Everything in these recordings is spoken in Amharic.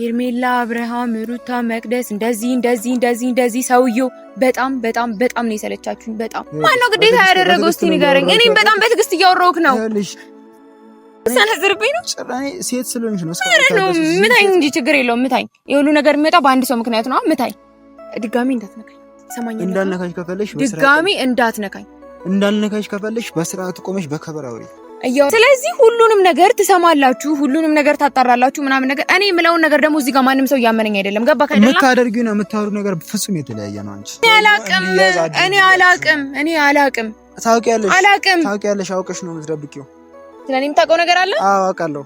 ሄርሜላ፣ አብርሃም፣ ሩታ፣ መቅደስ እንደዚህ እንደዚህ እንደዚህ እንደዚህ። ሰውየው በጣም በጣም በጣም ነው የሰለቻችሁኝ። በጣም ማን ነው ግዴታ ያደረገው? እስቲ ንገረኝ። እኔም በጣም በትዕግስት እያወራሁህ ነው። ሰነዝርብኝ ነው። ጭራኔ። ሴት ስለሆንሽ ነው። ነው ምታኝ እንጂ ችግር የለውም ምታኝ። የሁሉ ነገር የሚመጣው በአንድ ሰው ምክንያት ነው። ምታኝ። ድጋሚ እንዳትነካኝ፣ ሰማኝ። እንዳልነካሽ ከፈለሽ ድጋሚ እንዳትነካኝ። እንዳልነካሽ ከፈለሽ በስርዓት ቆመሽ በከበር አውሪ ስለዚህ ሁሉንም ነገር ትሰማላችሁ፣ ሁሉንም ነገር ታጣራላችሁ፣ ምናምን ነገር እኔ የምለውን ነገር ደግሞ እዚህ ጋር ማንም ሰው እያመነኝ አይደለም። ገባ ካይደለም የምታደርጊው ነው የምታወሪው ነገር ፍጹም የተለያየ ነው። አንቺ እኔ አላቅም፣ እኔ አላቅም፣ እኔ አላቅም። ታውቂያለሽ፣ አላቅም። ታውቂያለሽ፣ አውቀሽ ነው የምትደብቂው። ስለ እኔ የምታውቀው ነገር አለ? አዎ አውቃለሁ።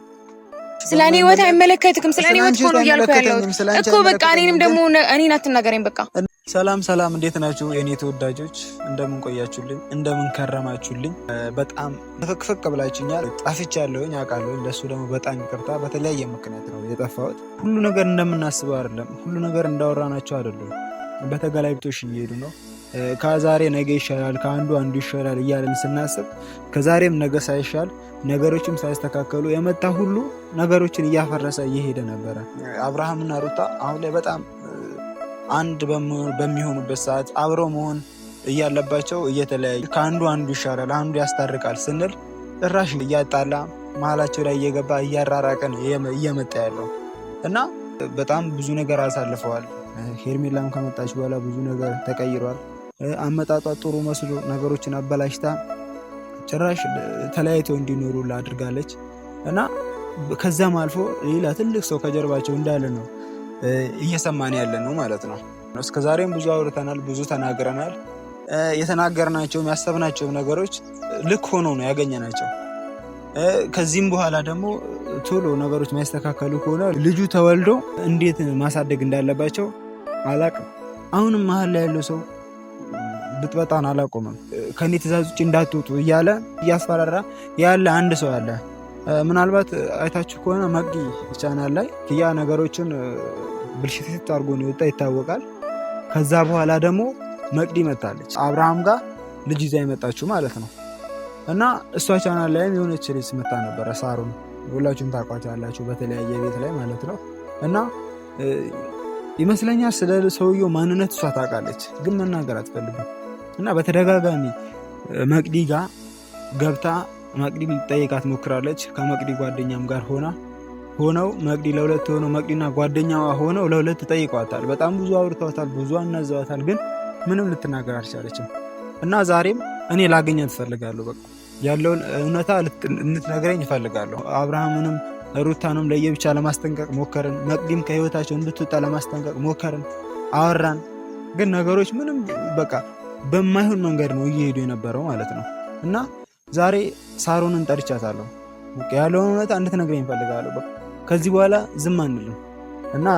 ስለ እኔ ህይወት አይመለከትክም። ስለ እኔ ህይወት እኮ ነው እያልኩ ያለሁት እኮ። በቃ እኔንም ደግሞ እኔን አትናገረኝ በቃ ሰላም ሰላም፣ እንዴት ናችሁ የኔ ተወዳጆች? እንደምን ቆያችሁልኝ? እንደምን ከረማችሁልኝ? በጣም ፍቅፍቅ ብላችሁኛል። ያለውኝ አውቃለሁ ለእሱ ደግሞ በጣም ይቅርታ። በተለያየ ምክንያት ነው የጠፋሁት። ሁሉ ነገር እንደምናስበው አይደለም። ሁሉ ነገር እንዳወራናቸው አይደለም። በተገላቢጦሽ እየሄዱ ነው። ከዛሬ ነገ ይሻላል፣ ከአንዱ አንዱ ይሻላል እያለን ስናስብ ከዛሬም ነገ ሳይሻል ነገሮችም ሳይስተካከሉ የመጣ ሁሉ ነገሮችን እያፈረሰ እየሄደ ነበረ። አብርሃምና ሩታ አሁን ላይ በጣም አንድ በሚሆኑበት ሰዓት አብረው መሆን እያለባቸው እየተለያዩ ከአንዱ አንዱ ይሻላል፣ አንዱ ያስታርቃል ስንል ጭራሽ እያጣላ መሀላቸው ላይ እየገባ እያራራቀን እየመጣ ያለው እና በጣም ብዙ ነገር አሳልፈዋል። ሄርሜላም ከመጣች በኋላ ብዙ ነገር ተቀይሯል። አመጣጧ ጥሩ መስሎ ነገሮችን አበላሽታ ጭራሽ ተለያይተው እንዲኖሩ አድርጋለች እና ከዛም አልፎ ሌላ ትልቅ ሰው ከጀርባቸው እንዳለ ነው እየሰማን ያለ ነው ማለት ነው። እስከዛሬም ብዙ አውርተናል፣ ብዙ ተናግረናል። የተናገርናቸውም ያሰብናቸውም ነገሮች ልክ ሆኖ ነው ያገኘናቸው። ከዚህም በኋላ ደግሞ ቶሎ ነገሮች የሚያስተካከሉ ከሆነ ልጁ ተወልዶ እንዴት ማሳደግ እንዳለባቸው አላቅም። አሁንም መሀል ላይ ያለው ሰው ብጥበጣን አላቆምም፣ ከኔ ትእዛዝ ውጭ እንዳትወጡ እያለ እያስፈራራ ያለ አንድ ሰው አለ። ምናልባት አይታችሁ ከሆነ መቅ ቻናል ላይ ያ ነገሮችን ብልሽት አድርጎ ነው የወጣ ይታወቃል። ከዛ በኋላ ደግሞ መቅዲ መጣለች አብርሃም ጋር ልጅ ይዛ የመጣችው ማለት ነው። እና እሷ ቻናል ላይም የሆነች ልጅ ስመታ ነበረ። ሳሩን ሁላችሁም ያላችሁ በተለያየ ቤት ላይ ማለት ነው። እና ይመስለኛል ስለ ሰውየው ማንነት እሷ ታውቃለች፣ ግን መናገር አትፈልግም። እና በተደጋጋሚ መቅዲ ጋር ገብታ መቅዲ ልጠይቃት ሞክራለች። ከመቅዲ ጓደኛም ጋር ሆና ሆነው መቅዲ ለሁለት ሆነው መቅዲና ጓደኛዋ ሆነው ለሁለት ተጠይቀዋታል። በጣም ብዙ አውርተዋታል፣ ብዙ አናዘዋታል። ግን ምንም ልትናገር አልቻለችም እና ዛሬም እኔ ላገኛት ትፈልጋለሁ በቃ ያለውን እውነታ እንድትነግረኝ እፈልጋለሁ። አብርሃምንም ሩታንም ለየብቻ ለማስጠንቀቅ ሞከርን። መቅዲም ከህይወታቸው እንድትወጣ ለማስጠንቀቅ ሞከርን። አወራን፣ ግን ነገሮች ምንም በቃ በማይሆን መንገድ ነው እየሄዱ የነበረው ማለት ነው እና ዛሬ ሳሮንን ጠርቻታለሁ። ያለውን እውነታ እንድትነግረኝ እፈልጋለሁ በቃ ከዚህ በኋላ ዝም አንልም እና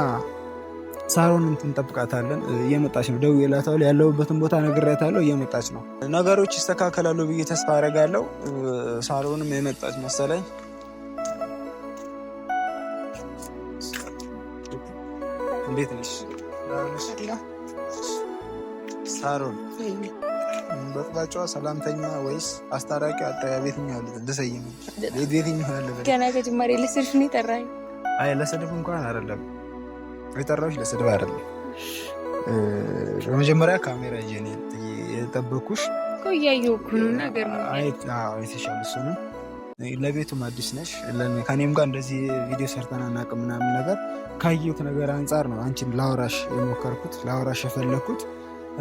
ሳሮንን እንጠብቃታለን። እየመጣች ነው። ደውዬላታለሁ። ያለሁበትን ቦታ ነግሬያታለሁ። እየመጣች ነው። ነገሮች ይስተካከላሉ ብዬ ተስፋ አደርጋለሁ። ሳሮንም የመጣች መሰለኝ። እንዴት ነሽ ሳሮን? በጥባጫዋ ሰላምተኛ ወይስ አስታራቂ አጠያ ቤትኛ ልጅ ልሰይም ቤትኛው ያለ ገና ከጅማሬ ለስድፍ ነው የጠራኝ። አይ ለስድብ እንኳን አይደለም የጠራሁሽ፣ ለስድብ አይደለም። በመጀመሪያ ካሜራ ይዤ የጠበኩሽ እኮ እያየሁ ነገር ለቤቱም አዲስ ነሽ፣ ከኔም ጋር እንደዚህ ቪዲዮ ሰርተን አናውቅም ምናምን ነገር ካየሁት ነገር አንጻር ነው አንቺን ላውራሽ የሞከርኩት ላውራሽ የፈለግኩት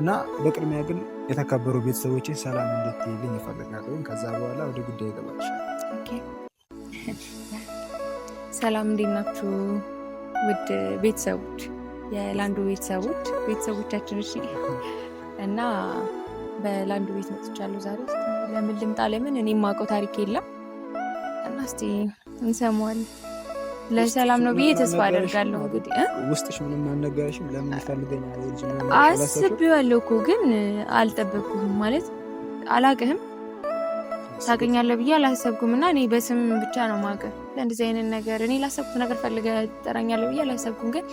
እና በቅድሚያ ግን የተከበሩ ቤተሰቦችን ሰላም እንድትይልኝ እፈልጋለሁ። ከዛ በኋላ ወደ ጉዳይ ይገባሻል። ሰላም እንዴት ናችሁ? ውድ ቤተሰቦች የላንዱ ቤተሰቦች ቤተሰቦቻችን እሺ። እና በላንዱ ቤት መጥቻለሁ ዛሬ። ለምን ልምጣ ለምን እኔ የማውቀው ታሪክ የለም እና እስኪ እንሰማዋለን ለሰላም ነው ብዬ ተስፋ አደርጋለሁ። እንግዲህ ውስጥሽ ምንም አልነገረሽም? ለምን ይፈልገኛል አስቤዋለሁ እኮ ግን አልጠበቅኩም። ማለት አላቅህም፣ ታገኛለህ ብዬ አላሰብኩም። እና እኔ በስም ብቻ ነው ማቀር ለእንደዚህ አይነት ነገር እኔ ላሰብኩት ነገር ፈልገህ ትጠራኛለህ ብዬ አላሰብኩም። ግን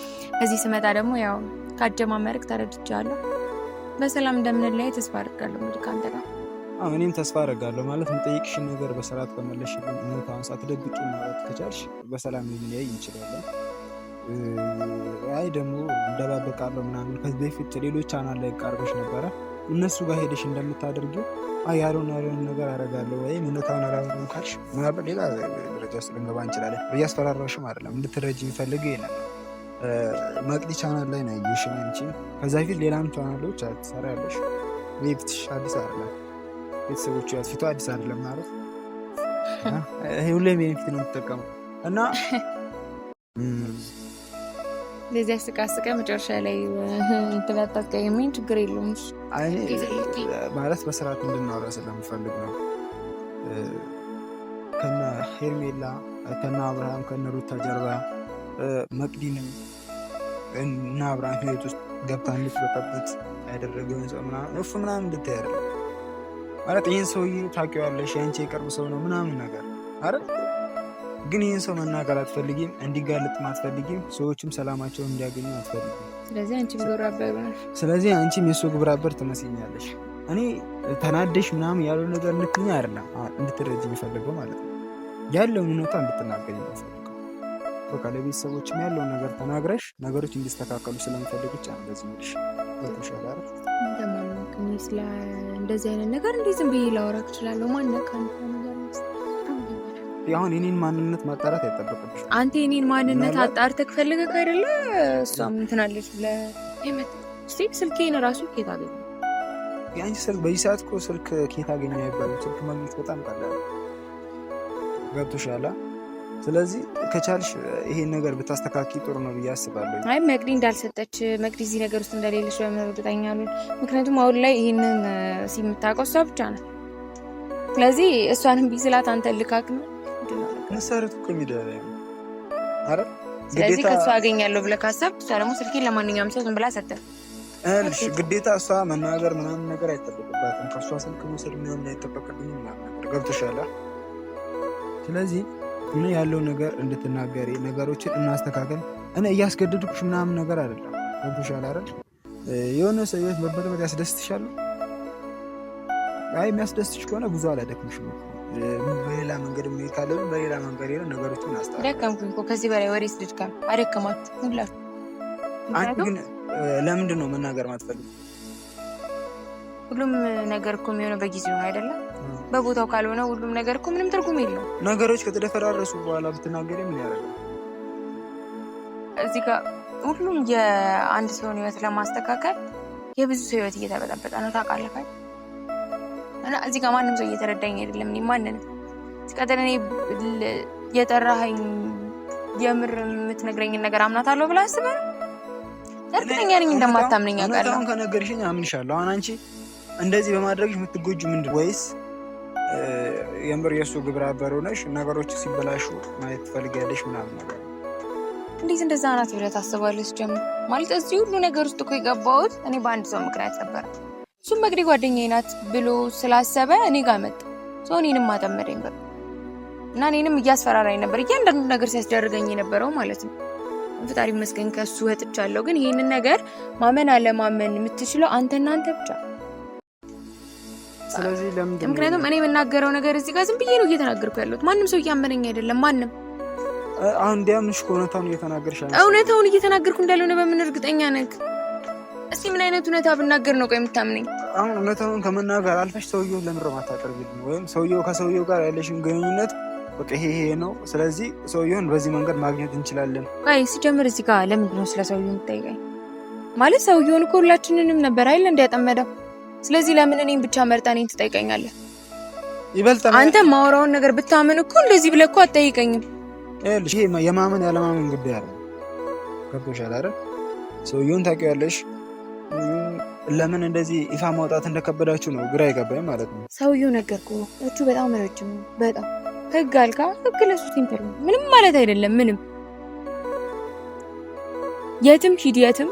እዚህ ስመጣ ደግሞ ያው ካጀማመርክ ተረድቻለሁ። በሰላም እንደምንለያይ ተስፋ አደርጋለሁ እንግዲህ ከአንተ ጋር አሁን እኔም ተስፋ አደርጋለሁ ማለት የምጠይቅሽን ነገር በስርዓት ከመለሽልን እውነታውን ሳትደብቂ ማለት ከቻልሽ በሰላም ልንለያይ እንችላለን። አይ ደግሞ እንደባበቃለሁ ምናምን ከዚህ በፊት ሌሎች ቻናል ላይ ቃርቦች ነበረ እነሱ ጋር ሄደሽ እንደምታደርጊ ያለውን ያለውን ነገር አደርጋለሁ ወይም እውነታውን አላወራም ካልሽ ምናልባት ሌላ ደረጃ ውስጥ ልንገባ እንችላለን። እያስፈራራሽም አይደለም እንድትረጅ የሚፈልግ የለም። መቅዲ ቻናል ላይ ነው ያየሽን አንቺ ከዛ በፊት ሌላም ቻናሎች ያለሽ ቤትሽ አዲስ አይደለም ቤተሰቦች ያዝ ፊቷ አዲስ አይደለም ማለት ሁሌም ይሄን ፊት ነው የምትጠቀመው እና ለዚያ ስቃ መጨረሻ ላይ ትላጣቀ የሚን ችግር የለውም ማለት በስርዓት እንድናወራ ስለምፈልግ ነው። ከነ ሄርሜላ ከነ አብርሃም ከነ ሩታ ጀርባ መቅዲንም እና አብርሃም ህይወት ውስጥ ገብታ እንድትበጠበት ያደረገውን ሰው ምናምን እሱ ምናምን እንድታያደርግ ማለት ይህን ሰውዬ ታውቂዋለሽ፣ የአንቺ የቅርብ ሰው ነው ምናምን ነገር አረ ግን ይህን ሰው መናገር አትፈልጊም፣ እንዲጋለጥም አትፈልጊም፣ ሰዎችም ሰላማቸውን እንዲያገኙ አትፈልጊም። ስለዚህ አንቺ ግብረአበር ስለዚህ አንቺም የእሱ ግብረአበር ትመስኛለሽ። እኔ ተናደሽ ምናምን ያለው ነገር ልክኛ አይደለም እንድትረጅ የሚፈልገው ማለት ነው። ያለውን እውነታ እንድትናገር ይፈልገው በቃ ለቤተሰቦችም ያለውን ነገር ተናግረሽ ነገሮች እንዲስተካከሉ ስለሚፈልግ ብቻ ነው። በዚህ እኔ ስለ እንደዚህ አይነት ነገር እንዴ ዝም ብዬ እችላለሁ። ማነካ አሁን የኔን ማንነት ማጣራት አይጠበቅብሽ። አንተ የኔን ማንነት አጣርተህ ፈልገህ ካይደለ? እሷም እንትናለች አለች ብለህ ስልኬን ራሱ ኬት አገኘ? የአንቺ ስልክ በዚህ ሰዓት እኮ ስልክ ኬት አገኘ አይባልም። ስልክ ማግኘት በጣም ቀላል ገብቶሻላ ስለዚህ ከቻልሽ ይሄን ነገር ብታስተካኪ ጥሩ ነው ብዬ አስባለሁ። አይ መቅዲ እንዳልሰጠች መቅዲ እዚህ ነገር ውስጥ እንደሌለች በምን እርግጠኛ ምክንያቱም አሁን ላይ ይህንን ሲምታቀው እሷ ብቻ ነው። ስለዚህ እሷንም ቢስላት አንተ ልካክ ነው መሰረቱ እኮ አረ ስለዚህ ከእሷ አገኛለሁ ብለህ ካሰብ እሷ ደግሞ ስልኬን ለማንኛውም ሰው ዝም ብላ ሰጠ እልሽ ግዴታ እሷ መናገር ምናምን ነገር አይጠበቅባትም። ከእሷ ስልክ መውሰድ ምናምን አይጠበቅብኝም። ገብቶሻል? ስለዚህ እኔ ያለው ነገር እንድትናገሪ ነገሮችን እናስተካከል። እኔ እያስገደድኩሽ ምናምን ነገር አይደለም። ገብቶሻል አይደል? የሆነ ሰው ህይወት መበጥበጥ ያስደስትሻል? አይ የሚያስደስትሽ ከሆነ ብዙ አላደክምሽም። በሌላ መንገድ ካለ በሌላ መንገድ ሄደ ነገሮችን አስታ ደከምኩኝ ከዚህ በላይ ወሬ ስድድካ አደከማት ሁላችሁ። አንድ ግን ለምንድን ነው መናገር ማትፈልግ? ሁሉም ነገር እኮ የሚሆነው በጊዜው አይደለም በቦታው ካልሆነ ሁሉም ነገር እኮ ምንም ትርጉም የለው። ነገሮች ከተደፈራረሱ በኋላ ብትናገሪ ምን ያደርጋል? እዚህ ጋር ሁሉም የአንድ ሰውን ህይወት ለማስተካከል የብዙ ሰው ህይወት እየተበጠበጠ ነው ታውቃለህ። እና እዚህ ጋር ማንም ሰው እየተረዳኝ አይደለም። እኔ ማንንም ሲቀጥል እኔ የጠራኸኝ የምር የምትነግረኝን ነገር አምናታለሁ ብለህ አስበህ ነው? እርግጠኛ ነኝ እንደማታምነኝ አውቃለሁ። ከነገርሽኝ አምንሻለሁ። አሁን አንቺ እንደዚህ በማድረግሽ የምትጎጁ ምንድን ወይስ የምር የእሱ ግብረ አበር ሆነሽ ነገሮች ሲበላሹ ማየት ትፈልጊያለሽ ምናምን ነገር። እንዴት እንደዛ ናት ብለህ ታስባለች? ጀም ማለት እዚህ ሁሉ ነገር ውስጥ እኮ የገባሁት እኔ በአንድ ሰው ምክንያት ነበረ። እሱም መግዴ ጓደኛዬ ናት ብሎ ስላሰበ እኔ ጋር መጣ። ሰው እኔንም አጠመደኝ በቃ እና እኔንም እያስፈራራኝ ነበር እያንዳንዱ ነገር ሲያስደርገኝ የነበረው ማለት ነው። ፈጣሪ ይመስገን ከእሱ ወጥቻለሁ። ግን ይህንን ነገር ማመን አለማመን የምትችለው አንተና አንተ ብቻ ስለዚህ ለምንድን ነው ምክንያቱም እኔ የምናገረው ነገር እዚህ ጋር ዝም ብዬ ነው እየተናገርኩ ያለሁት። ማንም ሰው እያመነኝ አይደለም። ማንም አሁን እንዲያምንሽ እውነታውን እየተናገርሽ እውነታውን እየተናገርኩ እንዳልሆነ በምን እርግጠኛ ነህ? እስኪ ምን አይነት እውነታ ብናገር ነው ቆይ የምታምነኝ? አሁን እውነታውን ከመናገር አልፈሽ ሰውየውን ለምድር ታቀርብልኝ ወይም ሰውየው ከሰውየው ጋር ያለሽን ግንኙነት በቃ ይሄ ይሄ ነው። ስለዚህ ሰውየውን በዚህ መንገድ ማግኘት እንችላለን። ቆይ ሲጀምር እዚህ ጋር ለምንድን ነው ስለ ሰውየው የምትጠይቀኝ? ማለት ሰውየውን እኮ ሁላችንንም ነበር አይደል እንዲያጠመደው ስለዚህ ለምን እኔን ብቻ መርጣ እኔን ትጠይቀኛለህ? ይበልጣል። አንተ ማውራውን ነገር ብታምን እኮ እንደዚህ ብለህ እኮ አትጠይቀኝም። ይኸውልሽ ይሄ የማመን ያለማመን ጉዳይ አይደለም። ገብቶሻል አይደል? ሰውዬውን ታውቂዋለሽ። ለምን እንደዚህ ይፋ ማውጣት እንደከበዳችሁ ነው ግራ ይገባኝ ማለት ነው። ሰውዬው ነገርኩ እቹ በጣም ረጅም ነው። በጣም ህግ አልካ ህግ ለሱ ሲምፕል ነው። ምንም ማለት አይደለም። ምንም የትም ሂድ የትም።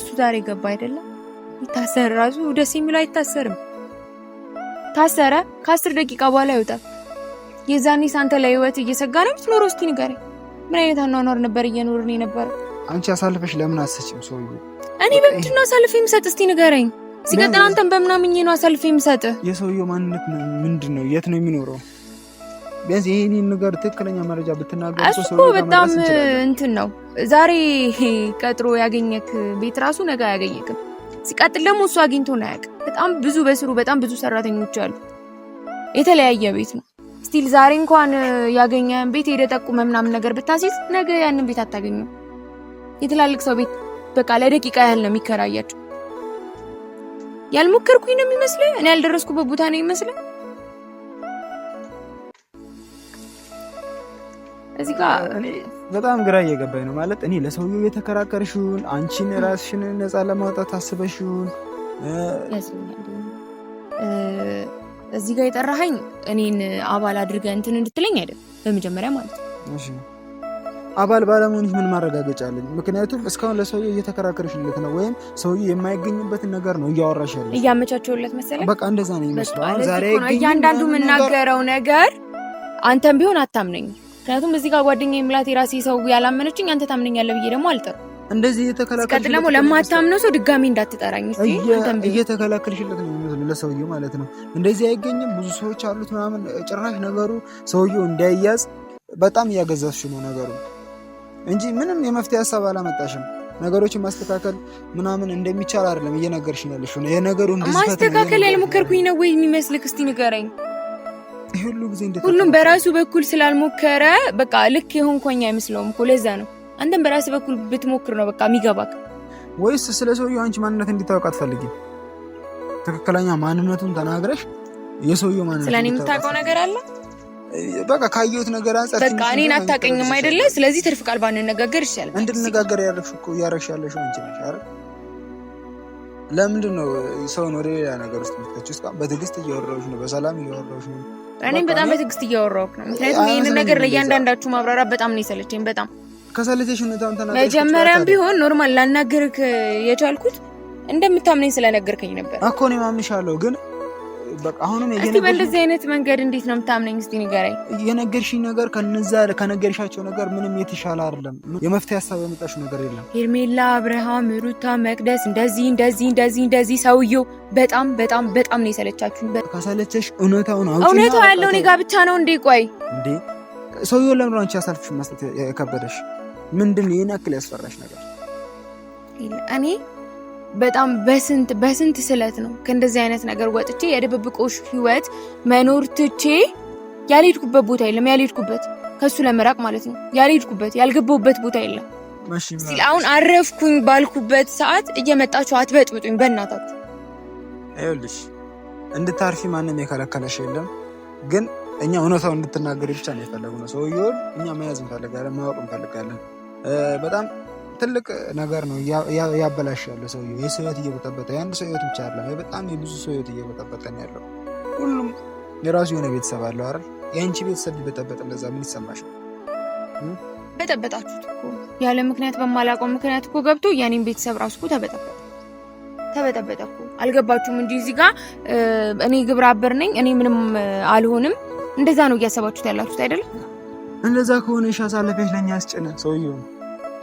እሱ ዛሬ ገባ አይደለም ይታሰር። ራሱ ደስ የሚል አይታሰርም። ታሰረ ከአስር ደቂቃ በኋላ ይወጣል። የዛኔ ሳንተ ላይ ህይወት እየሰጋ ነው የምትኖረው? እስኪ ንገረኝ፣ ምን አይነት አኗኗር ነበር እየኖርን የነበረው? አንቺ አሳልፈሽ ለምን አሰጭም? ሰውዬ? እኔ በምንድን ነው አሳልፌ የምሰጥ? እስኪ ንገረኝ። ሲቀጥል አንተን በምናምኝ ነው አሳልፌ የምሰጥ? የሰውየው ማንነት ምንድን ነው? የት ነው የሚኖረው? ቢያንስ ይሄን ነገር ትክክለኛ መረጃ ብትናገር እኮ በጣም እንትን ነው። ዛሬ ቀጥሮ ያገኘክ ቤት ራሱ ነገ አያገኘክም። ሲቀጥል ደግሞ እሱ አግኝቶን አያውቅም። በጣም ብዙ በስሩ በጣም ብዙ ሰራተኞች አሉ። የተለያየ ቤት ነው። ስቲል ዛሬ እንኳን ያገኘህን ቤት ሄደህ ጠቁመ ምናምን ነገር ብታሲዝ ነገ ያንን ቤት አታገኘም። የትላልቅ ሰው ቤት በቃ ለደቂቃ ያህል ነው የሚከራያቸው። ያልሞከርኩኝ ነው የሚመስልህ? እኔ ያልደረስኩበት ቦታ ነው ይመስለ። እዚህ ጋር በጣም ግራ እየገባኝ ነው። ማለት እኔ ለሰውየው የተከራከርሽውን አንቺን ራስሽን ነፃ ለማውጣት አስበሽውን እዚህ ጋር የጠራኸኝ እኔን አባል አድርገህ እንትን እንድትለኝ አይደል? በመጀመሪያ ማለት ነው አባል ባለመሆንሽ ምን ማረጋገጫ አለኝ? ምክንያቱም እስካሁን ለሰውየ እየተከራከርሽለት ነው፣ ወይም ሰውየ የማይገኝበትን ነገር ነው እያወራሽ ያለ እያመቻቸውለት መሰለኝ። በቃ እንደዛ ነው ይመስለዋል። እያንዳንዱ የምናገረው ነገር አንተም ቢሆን አታምነኝ ምክንያቱም እዚህ ጋር ጓደኛ የምላት የራሴ ሰው ያላመነችኝ አንተ ታምነኛለህ ብዬ ደግሞ አልጠሩ እንደዚህ እየተከላከልሽ ደግሞ ለማታምነው ሰው ድጋሜ እንዳትጠራኝ እየተከላከልሽለት ነው ለሰውዬው ማለት ነው። እንደዚህ አይገኝም፣ ብዙ ሰዎች አሉት ምናምን ጭራሽ ነገሩ ሰውዬው እንዳይያዝ በጣም እያገዛሽ ነው ነገሩ እንጂ ምንም የመፍትሄ ሀሳብ አላመጣሽም። ነገሮችን ማስተካከል ምናምን እንደሚቻል አይደለም እየነገርሽ ነው ያለሽው። የነገሩ ማስተካከል ያልሞከርኩኝ ነው ወይ የሚመስልክ? እስቲ ንገረኝ። ሁሉም በራሱ በኩል ስላልሞከረ በቃ ልክ የሆንኮኛ አይመስለውም እኮ ለዛ ነው። አንተም በራስህ በኩል ብትሞክር ነው በቃ የሚገባክ። ወይስ ስለ ሰውየው አንቺ ማንነት እንዲታወቅ አትፈልጊም? ትክክለኛ ማንነቱን ተናግረሽ የሰውየው ማንነት ስለ እኔ የምታውቀው ነገር አለ። በቃ ካየሁት ነገር አንጻር በቃ እኔን አታውቀኝም አይደለ? ስለዚህ ትርፍ ቃል ባንነጋገር ይሻላል። እንድንነጋገር ያደረግሽው እኮ እያደረግሽ ያለሽው አንቺ ነሽ አይደል? ለምንድን ነው ሰውን ወደ ሌላ ነገር ውስጥ ምትከች? የምትከቺው? በትዕግስት እያወራሁሽ ነው፣ በሰላም እያወራሁሽ ነው እኔም በጣም በትዕግስት እያወራሁ ነው። ምክንያቱም ይህን ነገር ለእያንዳንዳችሁ ማብራራት በጣም ነው የሰለቸኝ። በጣም ከሰለቸሽ መጀመሪያም ቢሆን ኖርማል ላናገርክ የቻልኩት እንደምታምነኝ ስለነገርከኝ ነበር እኮ እኔ ማምንሻለሁ ግን በቃ አሁን እኔ በእንደዚህ አይነት መንገድ እንዴት ነው የምታምነኝ? እስቲ ንገረኝ። የነገርሽኝ ነገር ከነዛ ከነገርሻቸው ነገር ምንም የተሻለ አይደለም። የመፍትሄ ሀሳብ ያመጣሽው ነገር የለም። ሄርሜላ፣ አብርሃም፣ ሩታ፣ መቅደስ እንደዚህ እንደዚህ እንደዚህ እንደዚህ ሰውየው በጣም በጣም በጣም ነው የሰለቻችሁ። ከሰለቸሽ እውነታውን አውጪ። እውነታው ያለው እኔ ጋር ብቻ ነው እንዴ? ቆይ እንዴ ሰውየው ለምሮ አንቺ ያሳልፍሽ መስጠት የከበደሽ ምንድን ነው? ይህን ያክል ያስፈራሽ ነገር እኔ በጣም በስንት በስንት ስለት ነው ከእንደዚህ አይነት ነገር ወጥቼ የድብብቆሽ ህይወት መኖር ትቼ ያልሄድኩበት ቦታ የለም። ያልሄድኩበት ከሱ ለመራቅ ማለት ነው። ያልሄድኩበት ያልገባሁበት ቦታ የለም። አሁን አረፍኩኝ ባልኩበት ሰዓት እየመጣችሁ አትበጥብጡኝ በእናታት። ይኸውልሽ እንድታርፊ ማንም የከለከለሽ የለም፣ ግን እኛ እውነታው እንድትናገሪ ብቻ ነው ነው። ሰውዬውን እኛ መያዝ እንፈልጋለን፣ ማወቅ እንፈልጋለን በጣም ትልቅ ነገር ነው ያበላሽ ያለ ሰውየው የሰው ህይወት እየበጠበጠ የአንድ ሰው ህይወት ብቻ አለ በጣም የብዙ ሰው ህይወት እየበጠበጠ ነው ያለው። ሁሉም የራሱ የሆነ ቤተሰብ አለው አይደል? የአንቺ ቤተሰብ ቢበጠበጥ እንደዛ ምን ይሰማሽ? በጠበጣችሁት እኮ ያለ ምክንያት በማላውቀው ምክንያት እኮ ገብቶ የኔም ቤተሰብ ራሱ እኮ ተበጠበጠ ተበጠበጠ እኮ። አልገባችሁም እንጂ እዚህ ጋር እኔ ግብረ አበር ነኝ እኔ ምንም አልሆንም እንደዛ ነው እያሰባችሁት ያላችሁት አይደለም? እንደዛ ከሆነ ሻ አሳለፈሽ ያስጭነ ሰውየው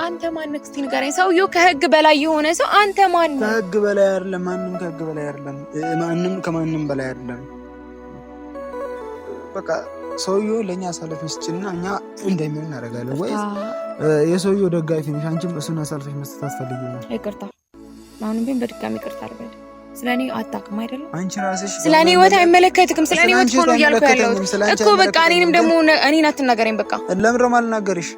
አንተ ማን ነህ? እስኪ ንገረኝ። ሰውዬው ከህግ በላይ የሆነ ሰው አንተ ማን ነህ? ከህግ በላይ አይደለም። ማንም ከህግ በላይ አይደለም። ማንም ከማንም በላይ አይደለም። በቃ ሰውዬው ለእኛ አሳልፈሽ ስጭና እኛ እንደሚሆን እናደርጋለን። ወይ የሰውዬው ደጋፊ ነሽ አንቺም፣ እሱን አሳልፈሽ መስጠት አስፈልጊ ነው። ይቅርታ፣ አሁንም ቢሆን በድጋሚ ይቅርታ አድርገን ስለ እኔ አታውቅም አይደለም። አንቺ ራስሽ ስለ እኔ ህይወት አይመለከትክም። ስለ እኔ ህይወት እኮ ነው እያልኩ ያለሁት እኮ። በቃ እኔንም ደግሞ እኔን አትናገረኝ። በቃ ለምንድን ነው የማልናገርሽ?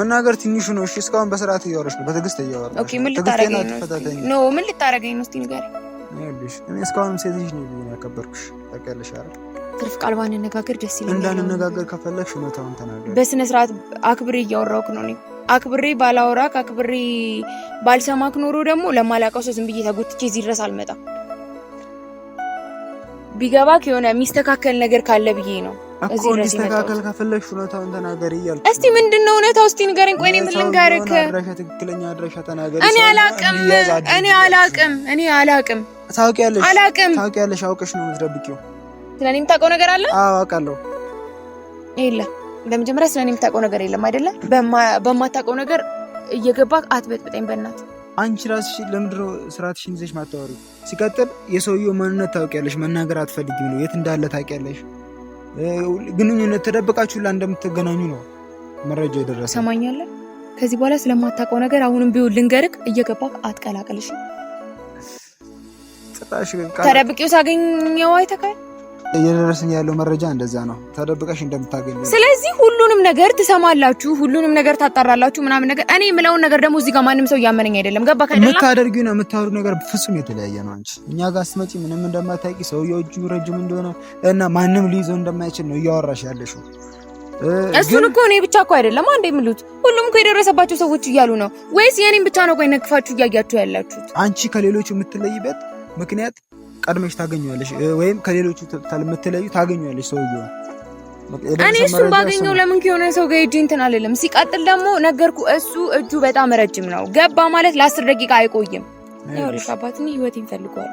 መናገር ትንሹ ነው። እሺ እስካሁን በስርዓት እያወራሽ ነው፣ በትዕግስት እያወራሽ ነው። ምን ልታረገኝ ነው? ያከበርኩሽ። ታውቂያለሽ አይደል? ትርፍ ቃል ባንነጋገር ደስ ይለኛል። እንዳንነጋገር ከፈለግሽ እውነታውን ተናገር። በስነ ስርዓት አክብሬ እያወራሁክ ነው። አክብሬ ባላወራክ አክብሬ ባልሰማክ ኖሮ ደግሞ ለማላውቀው ሰው ዝም ብዬ ተጎትቼ እዚህ ድረስ አልመጣም። ቢገባክ የሆነ የሚስተካከል ነገር ካለ ብዬ ነው እኮ እንዲስተካከል ከፈለግሽ እውነታውን ተናገሪ እያልኩ። እስቲ ምንድን ነው እውነታው? እስቲ ንገረኝ። ቆይ እኔ ምን ልንገርህ? ትክክለኛ አድራሻ ተናገሪ። እኔ አላቅም፣ እኔ አላቅም፣ እኔ አላቅም። ታውቂያለሽ፣ አላቅም። ታውቂያለሽ፣ አውቀሽ ነው የምትደብቂው። ስለ እኔ የምታውቀው ነገር አለ? አዎ አውቃለሁ። የለም፣ ለመጀመሪያ ስለ እኔ የምታውቀው ነገር የለም አይደለ? በማታውቀው ነገር እየገባ አትበጥብጠኝ በእናት አንቺ ራስሽ ለምድሮ ነው ስርዓትሽን ይዘሽ ማታወሪው? ሲቀጥል የሰውየው ማንነት ታውቂያለሽ፣ መናገር አትፈልጊም ነው። የት እንዳለ ታውቂያለሽ ግንኙነት ተደብቃችሁ ላ እንደምትገናኙ ነው መረጃ የደረሰ። ሰማኛለ ከዚህ በኋላ ስለማታውቀው ነገር አሁንም ቢሆን ልንገርቅ እየገባ አትቀላቅልሽ። ተደብቄው ሳገኘው አይተካል እየደረሰኝ ያለው መረጃ እንደዛ ነው። ተደብቀሽ እንደምታገኝ ስለዚህ ሁሉንም ነገር ትሰማላችሁ፣ ሁሉንም ነገር ታጣራላችሁ ምናምን ነገር። እኔ የምለውን ነገር ደግሞ እዚህ ጋር ማንም ሰው እያመነኝ አይደለም። ገባ ካይደለም የምታደርጊው ነው የምታወሩ ነገር ፍጹም የተለያየ ነው። አንቺ እኛ ጋር ስትመጪ ምንም እንደማታውቂ ሰውዬው እጁ ረጅም እንደሆነ እና ማንም ሊይዘው እንደማይችል ነው እያወራሽ ያለሽው። እሱን እኮ እኔ ብቻ እኮ አይደለም አንድ የምሉት ሁሉም እኮ የደረሰባቸው ሰዎች እያሉ ነው። ወይስ የኔም ብቻ ነው ቆይ እያያችሁ ያላችሁት? አንቺ ከሌሎቹ የምትለይበት ምክንያት ቀድመሽ ታገኘዋለሽ፣ ወይም ከሌሎቹ የምትለዩ ታገኘዋለሽ ሰውዬው። እኔ እሱን ባገኘው ለምን ከሆነ ሰው ጋር ሂጅ እንትን አልልም። ሲቀጥል ደግሞ ነገርኩ፣ እሱ እጁ በጣም ረጅም ነው። ገባ ማለት ለአስር ደቂቃ አይቆይም። ይኸውልሽ አባት እኔ ህይወቴን ፈልገዋል።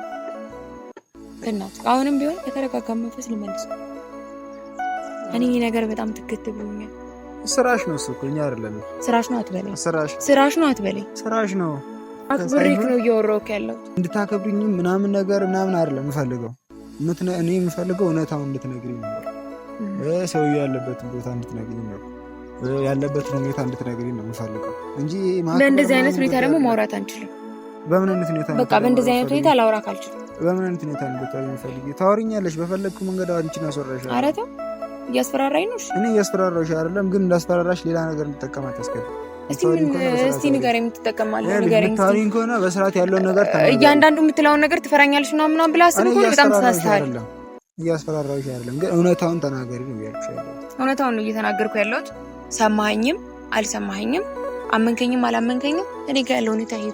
በእናትህ አሁንም ቢሆን የተረጋጋ መንፈስ ልመልስ። እኔ ነገር በጣም ትክት ብሎኛል። ስራሽ ነው እሱ እኮ እኛ አይደለም። ስራሽ ነው አትበለኝ። ስራሽ ነው አትበለኝ። ስራሽ ነው አክብሬክ ነው እያወራሁክ ያለው እንድታከብሪኝም ምናምን ነገር ምናምን አለ የምፈልገው እኔ የምፈልገው እውነታው እንድትነግሪኝ ነበር። ሰው ያለበትን ቦታ እንድትነግሪኝ ነበር። ያለበትን ሁኔታ እንድትነግሪኝ ነው የምፈልገው እንጂ በእንደዚህ አይነት ሁኔታ ደግሞ ማውራት አንችልም። በምን አይነት ሁኔታ በቃ በእንደዚህ አይነት ሁኔታ ላውራክ አልችልም። በምን አይነት ሁኔታ ነው ታወሪኛለሽ? በፈለግኩ መንገድ አንቺን አስወራሻለሁ። ኧረ ተው እያስፈራራኝ ነው። እኔ እያስፈራራሽ አይደለም፣ ግን እንዳስፈራራሽ ሌላ ነገር እንድጠቀም ያስገድል እስቲ ንገረኝ፣ የምትጠቀማለህ ንገረኝ። ታሪን ከሆነ በስርዓት ያለውን ነገር እያንዳንዱ የምትለውን ነገር ትፈራኛለሽ ምናምን ምናምን ብላ ስል ሆነ በጣም ተሳስተሃል። እያስፈራራሁሽ አይደለም፣ ግን እውነታውን ተናገሪ ነው እያልኩሽ ያለሁት። እውነታውን ነው እየተናገርኩ ያለሁት። ሰማኸኝም አልሰማኸኝም፣ አመንከኝም አላመንከኝም፣ እኔ ጋ ያለው ሁኔታ ይሄ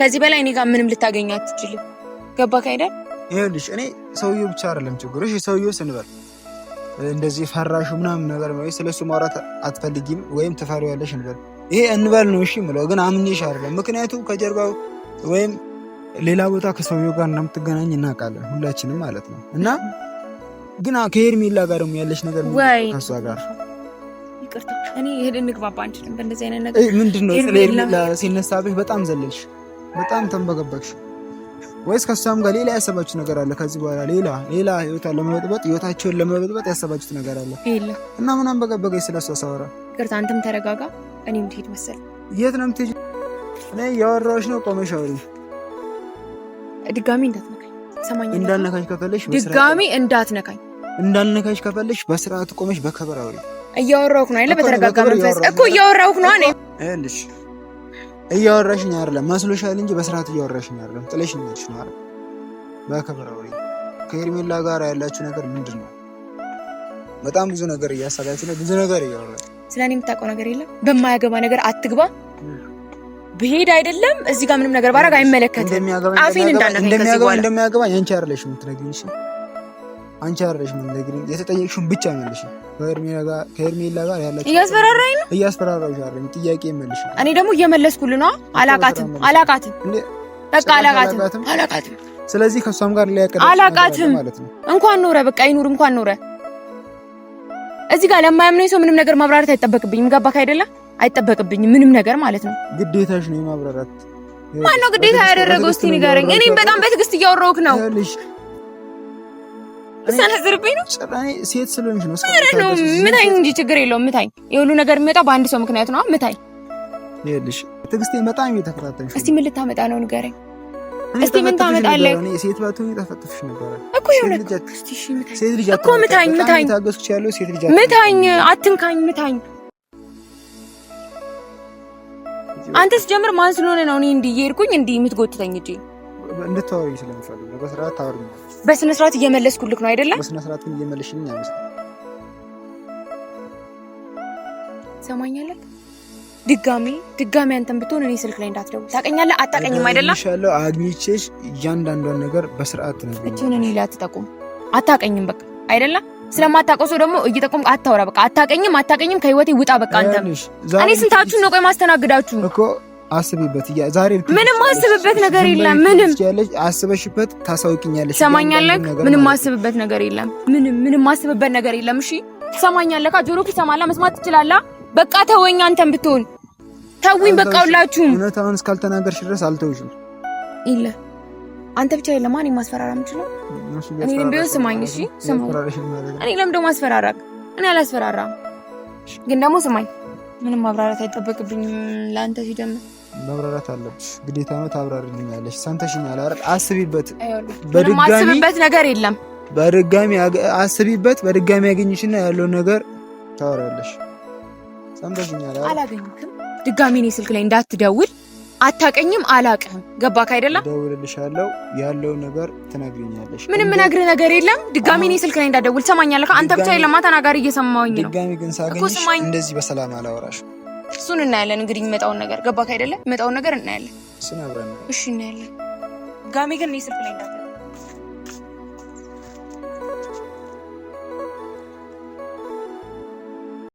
ከዚህ በላይ እኔ ጋር ምንም ልታገኝ አትችልም። ገባህ አይደል? ይኸውልሽ እኔ ሰውዬው ብቻ አይደለም ችግሮሽ፣ ሰውዬው ስንበል እንደዚህ ፈራሹ ምናምን ነገር ነው። ስለሱ ማውራት አትፈልጊም ወይም ትፈሪዋለሽ እንበል። ይሄ እንበል ነው እሺ ምለው፣ ግን አምኜሽ አይደለም። ምክንያቱም ከጀርባው ወይም ሌላ ቦታ ከሰውየው ጋር እንደምትገናኝ እናውቃለን ሁላችንም ማለት ነው። እና ግን ከሄርሜላ ጋር ደግሞ ያለሽ ነገር ከእሷ ጋር እኔ ይሄን እንግባባ በእንደዚህ አይነት ነገር ምንድን ነው ሄርሜላ ሲነሳብሽ በጣም ዘለልሽ፣ በጣም ተንበገበግሽ ወይስ ከእሷም ጋር ሌላ ያሰባችሁ ነገር አለ? ከዚህ በኋላ ሌላ ሌላ ህይወታ ለመበጥበጥ ህይወታቸውን ለመበጥበጥ ያሰባችሁት ነገር አለ? እና ምናም በቀበቀ ስለሷ ሳወራ ቅርታ፣ አንተም ተረጋጋ። እኔ ምትሄድ መሰል የት ነው ምትሄጅ? እኔ የወራዎች ነው። ቆመሽ አውሪ። ድጋሚ እንዳትነካኝ ሰማኝ። እንዳልነካሽ ከፈለሽ ድጋሚ እንዳትነካኝ እንዳልነካሽ ከፈለሽ በስርዓት ቆመሽ በከበር አውሪ። እያወራሁህ ነው አይደለ? በተረጋጋ መንፈስ እኮ እያወራሁህ ነው። እኔ ይኸውልሽ እያወራሽኝ አይደለም መስሎሻል እንጂ በስርዓት እያወራሽኝ አይደለም። ጥለሽኝ ሄድሽ ነው አይደል? በክብር አውሪ። ከሄርሜላ ጋር ያላችሁ ነገር ምንድን ነው? በጣም ብዙ ነገር እያሳላችሁ ነው። ብዙ ነገር እያወራች ስለ እኔ የምታውቀው ነገር የለም። በማያገባ ነገር አትግባ። ብሄድ አይደለም እዚህ ጋር ምንም ነገር ባረግ አይመለከትም። አፌን እንዳነካ እንደሚያገባ እንደሚያገባ አንቺ አይደለሽ የምትነግሪኝ አንቺ አይደለሽም እንደግሪን የተጠየቅሽውን ብቻ መልሽ። ከሄርሜላ ጋር ያላችሁ እያስፈራራኝ ነው። እያስፈራራሁሽ አይደለም፣ ጥያቄ መልሽ። እኔ ደግሞ እየመለስኩልህ ነው። አላቃትም፣ አላቃትም፣ በቃ አላቃትም፣ አላቃትም። ስለዚህ ከእሷም ጋር ላይ አላቃትም ማለት ነው። እንኳን ኖረ፣ በቃ ይኑር፣ እንኳን ኖረ። እዚህ ጋር ለማያምነኝ ሰው ምንም ነገር ማብራራት አይጠበቅብኝም። ገባክ አይደለ? አይጠበቅብኝም ምንም ነገር ማለት ነው። ግዴታሽ ነው ማብራራት። ማነው ግዴታ ያደረገው? እስቲ ንገረኝ። እኔም በጣም በትዕግስት እያወራሁህ ነው ሰነዝርብኝ ነው። ጭራኔ ሴት ስለሆንሽ ነው። ነው ምታኝ እንጂ ችግር የለውም። ምታኝ። የሁሉ ነገር የሚመጣው በአንድ ሰው ምክንያት ነው። ምታኝ። ይኸውልሽ ትዕግስቴ በጣም እየተፈታተንሽ። እስቲ ምን ልታመጣ ነው ንገረኝ። እስቲ ምን ታመጣለህ? ሴት ባትሆኚ ተፈተፍሽ ነበረ እኮ እኮ። ምታኝ፣ ልጅ ምታኝ፣ አትንካኝ፣ ምታኝ። አንተስ ጀምር። ማን ስለሆነ ነው እኔ እንዲህ እየሄድኩኝ እንዲህ የምትጎትተኝ እጄ እንድታወሪ ስለምፈልግ ነው። በስርዓት ታወሪ። በስነ ስርዓት እየመለስኩልክ ነው አይደለም? በስነ ስርዓት ግን እየመለሽኝ አይመስልም። ትሰማኛለህ? ድጋሚ ድጋሚ አንተን ብትሆን እኔ ስልክ ላይ እንዳትደውል። ታውቀኛለህ? አታውቀኝም አይደለም? ይሻለው አግኝቼሽ እያንዳንዷን ነገር በስርዓት ነው። እቺን እኔ ላይ አትጠቁም። አታውቀኝም በቃ አይደለም? ስለማታውቀው ሰው ደግሞ እየጠቆም አታውራ። በቃ አታውቀኝም፣ አታውቀኝም፣ ከህይወቴ ውጣ በቃ አንተ። እኔ ስንታችሁን ነው ቆይ ማስተናግዳችሁ እኮ አስቢበት። ዛሬ ምንም አስብበት ነገር የለም። ምንም ያለሽ አስበሽበት ታሳውቂኛለሽ። ሰማኛለክ ምንም አስብበት ነገር የለም። ምንም ምንም አስብበት ነገር የለም። እሺ ሰማኛለካ። ጆሮ ይሰማላ፣ መስማት ትችላላ። በቃ ተወኝ፣ አንተም ብትሆን ተውኝ። በቃ ሁላችሁም እውነታውን እስካልተናገርሽ ድረስ አልተውሽም። የለ አንተ ብቻ የለም። ማን ማስፈራራ የምችለው እኔንም ቢሆን ስማኝ። እሺ ስማኝ። እኔ ለምን ደግሞ አስፈራራክ? እኔ አላስፈራራም፣ ግን ደግሞ ስማኝ። ምንም ማብራራት አይጠበቅብኝም ለአንተ ሲጀምር መብራራት አለብሽ ግዴታ ነው። ታብራሪልኛለሽ። ሰምተሽኛል አይደል? አስቢበት። አስቢበት ነገር የለም። በድጋሚ አስቢበት። በድጋሚ ያገኝሽና ያለውን ነገር ታወራለሽ። ሰምተሽኛል አይደል? አላገኝክም። ድጋሚ እኔ ስልክ ላይ እንዳትደውል። አታቀኝም፣ አላቅህም። ገባክ አይደለም? እደውልልሻለሁ። ያለውን ነገር ትነግሪኛለሽ። ምንም እነግርህ ነገር የለም። ድጋሚ እኔ ስልክ ላይ እንዳትደውል። ትሰማኛለህ? አንተ ብቻ የለማ ተናጋሪ እየሰማሁኝ ነው። ድጋሚ ግን ሳገኝሽ እንደዚህ በሰላም አላወራሽም እሱን እናያለን። እንግዲህ የሚመጣውን ነገር ገባ አይደለ? የሚመጣውን ነገር እናያለን። እሺ፣ እናያለን። ጋሜ ግን ስልክ ላይ